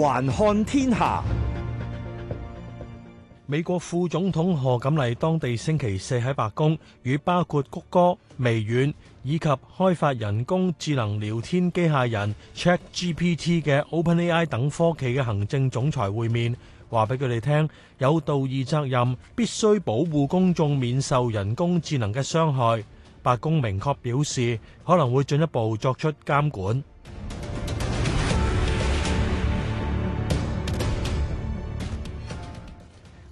環看天下，美國副總統賀錦麗當地星期四喺白宮與包括谷歌、微軟以及開發人工智能聊天機械人 Chat GPT 嘅 OpenAI 等科技嘅行政總裁會面，話俾佢哋聽有道義責任必須保護公眾免受人工智能嘅傷害。白宮明確表示可能會進一步作出監管。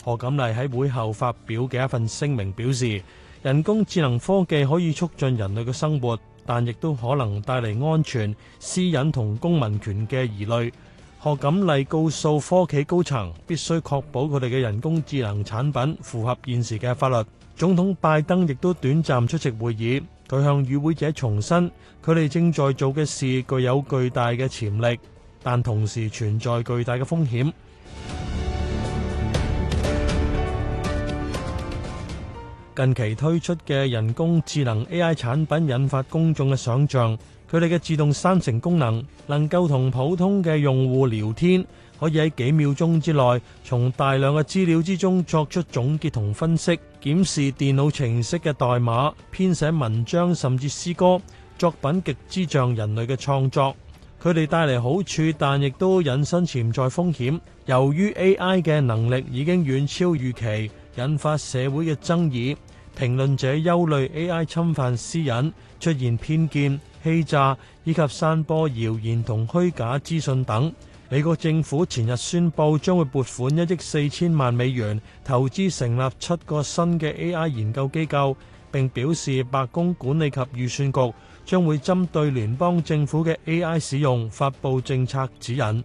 何錦麗喺會後發表嘅一份聲明表示，人工智能科技可以促進人類嘅生活，但亦都可能帶嚟安全、私隱同公民權嘅疑慮。何錦麗告訴科企高層必須確保佢哋嘅人工智能產品符合現時嘅法律。總統拜登亦都短暫出席會議，佢向與會者重申，佢哋正在做嘅事具有巨大嘅潛力，但同時存在巨大嘅風險。近期推出嘅人工智能 AI 產品引發公眾嘅想象，佢哋嘅自動生成功能能夠同普通嘅用戶聊天，可以喺幾秒鐘之內從大量嘅資料之中作出總結同分析，檢視電腦程式嘅代碼，編寫文章甚至詩歌作品，極之像人類嘅創作。佢哋帶嚟好處，但亦都引申潛在風險。由於 AI 嘅能力已經遠超預期，引發社會嘅爭議。評論者憂慮 AI 侵犯私隱、出現偏見、欺詐以及散播謠言同虛假資訊等。美國政府前日宣布將會撥款一億四千萬美元，投資成立七個新嘅 AI 研究機構，並表示白宮管理及預算局將會針對聯邦政府嘅 AI 使用發布政策指引。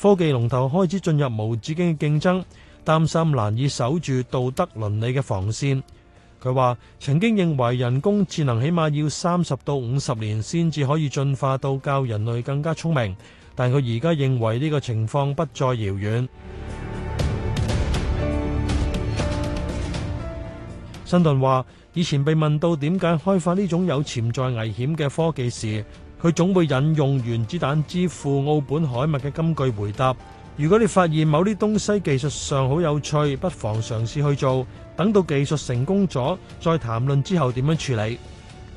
科技龍頭開始進入無止境嘅競爭，擔心難以守住道德倫理嘅防線。佢話曾經認為人工智能起碼要三十到五十年先至可以進化到較人類更加聰明，但佢而家認為呢個情況不再遙遠。辛頓話：以前被問到點解開發呢種有潛在危險嘅科技時，佢總會引用原子彈之父奧本海默嘅金句回答：如果你發現某啲東西技術上好有趣，不妨嘗試去做。等到技術成功咗，再談論之後點樣處理。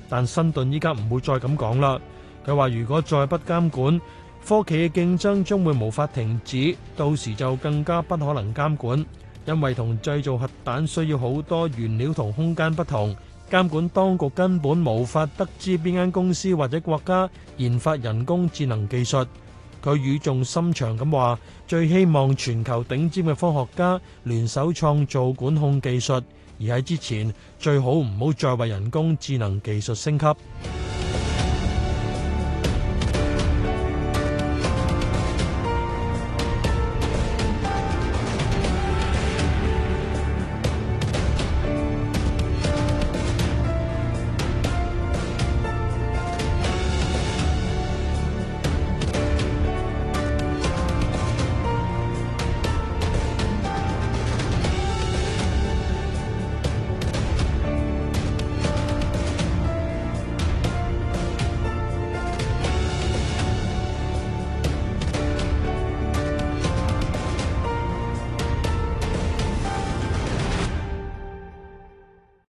但辛頓依家唔會再咁講啦。佢話：如果再不監管，科技嘅競爭將會無法停止，到時就更加不可能監管，因為同製造核彈需要好多原料同空間不同。監管當局根本無法得知邊間公司或者國家研發人工智能技術。佢語重心長咁話：最希望全球頂尖嘅科學家聯手創造管控技術，而喺之前，最好唔好再為人工智能技術升級。